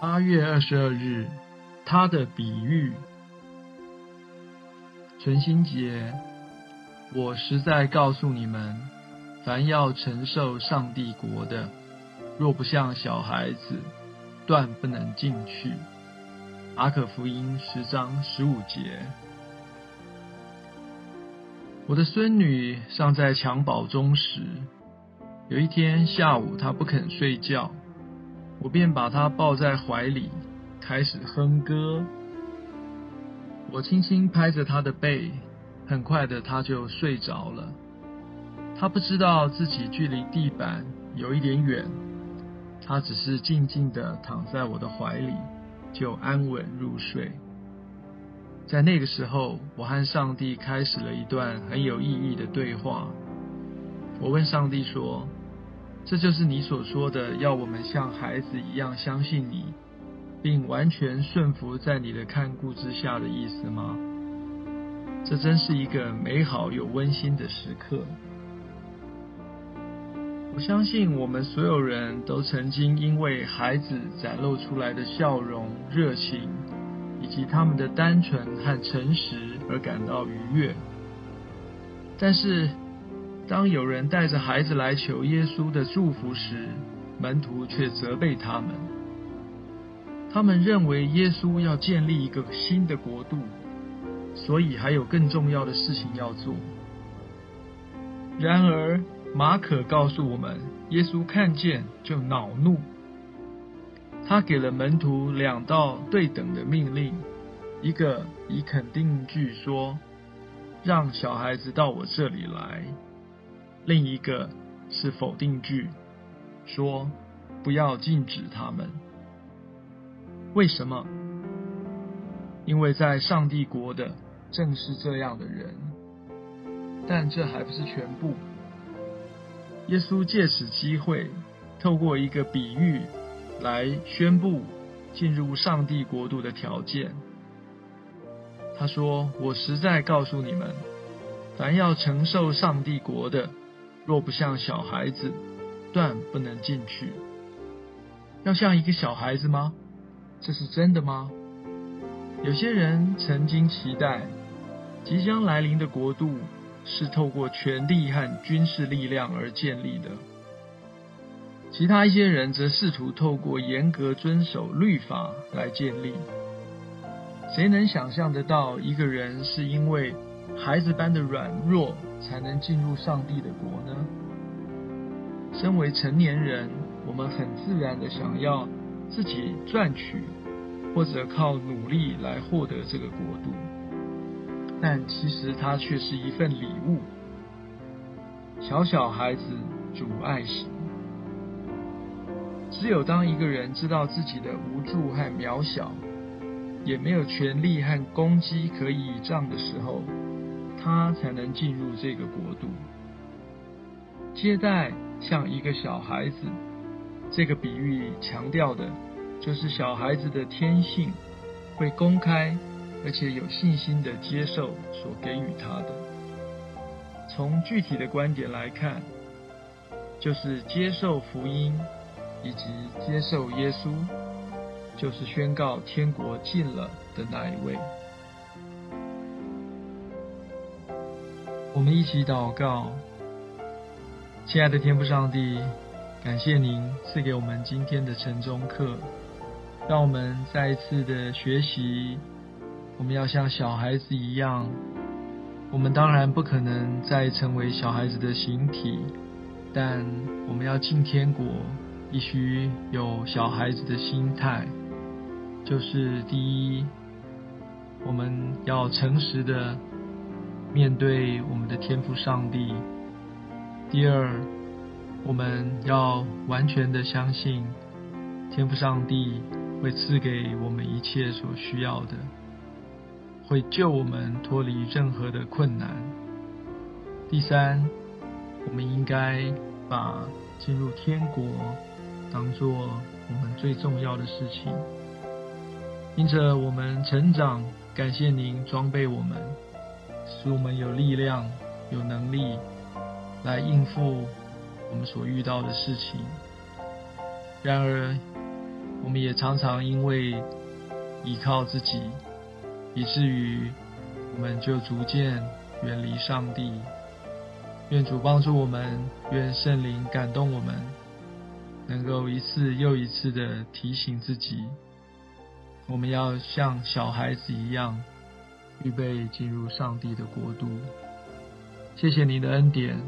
八月二十二日，他的比喻。存心節，我實在告訴你們，凡要承受上帝國的，若不像小孩子，斷不能進去。馬可福音十章十五節。我的孫女尚在襁褓中時，有一天下午，她不肯睡覺。我便把他抱在懷裡，開始哼歌。我輕輕拍着他的背，很快的他就睡着了。他不知道自己距離地板有一點遠，他只是靜靜的躺在我的懷裡，就安穩入睡。在那個時候，我和上帝開始了一段很有意義的對話。我問上帝說。這就是你所說的要我們像孩子一樣相信你，並完全順服在你的看顧之下的意思嗎？這真是一個美好又溫馨的時刻。我相信我們所有人都曾經因為孩子展露出來的笑容、熱情，以及他們的單純和誠實而感到愉悅。但是，當有人帶着孩子來求耶穌的祝福時，門徒卻責備他們。他們認為耶穌要建立一個新的國度，所以還有更重要的事情要做。然而，馬可告訴我們，耶穌看見就惱怒。他給了門徒兩道對等的命令，一個以肯定句說，讓小孩子到我這裡來。另一個是否定句，說不要禁止他們。為什麼？因為在上帝國的正是這樣的人。但這還不是全部。耶穌借此機會，透過一個比喻，來宣布進入上帝國度的條件。他說：“我實在告訴你們，凡要承受上帝國的，”若不像小孩子，斷不能進去。要像一個小孩子嗎？這是真的嗎？有些人曾經期待，即將來臨的國度是透過權力和軍事力量而建立的，其他一些人則試圖透過嚴格遵守律法來建立。誰能想象得到一個人是因為孩子般的軟弱，才能進入上帝的國呢？身為成年人，我們很自然的想要自己賺取或者靠努力來獲得這個國度，但其實它卻是一份禮物。小小孩子主愛時，只有當一個人知道自己的無助和渺小，也沒有權力和攻擊可以倚仗的時候。他才能進入這個國度。接待像一個小孩子，這個比喻強調的就是小孩子的天性，會公開而且有信心的接受所給予他的。從具體的觀點來看，就是接受福音以及接受耶穌，就是宣告天國近了的那一位。我們一起禱告，親愛的天父上帝，感謝您賜給我們今天的晨鐘課，讓我們再一次的學習。我們要像小孩子一樣，我們當然不可能再成為小孩子的形體，但我們要進天國，必須有小孩子的心態，就是第一，我們要誠實的。面對我們的天父上帝。第二，我們要完全的相信天父上帝會賜給我們一切所需要的，會救我們脫離任何的困難。第三，我們應該把進入天國當做我們最重要的事情。因著，我們成長，感謝您裝備我們。使我們有力量、有能力來應付我們所遇到的事情。然而，我們也常常因為依靠自己，以至於我們就逐漸遠離上帝。願主幫助我們，願聖靈感動我們，能夠一次又一次地提醒自己，我們要像小孩子一樣。預備進入上帝的國度。謝謝您的恩典，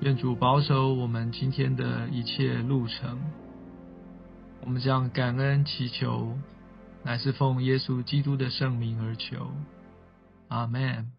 願主保守我們今天的一切路程。我們將感恩祈求，乃是奉耶穌基督的聖名而求。阿門。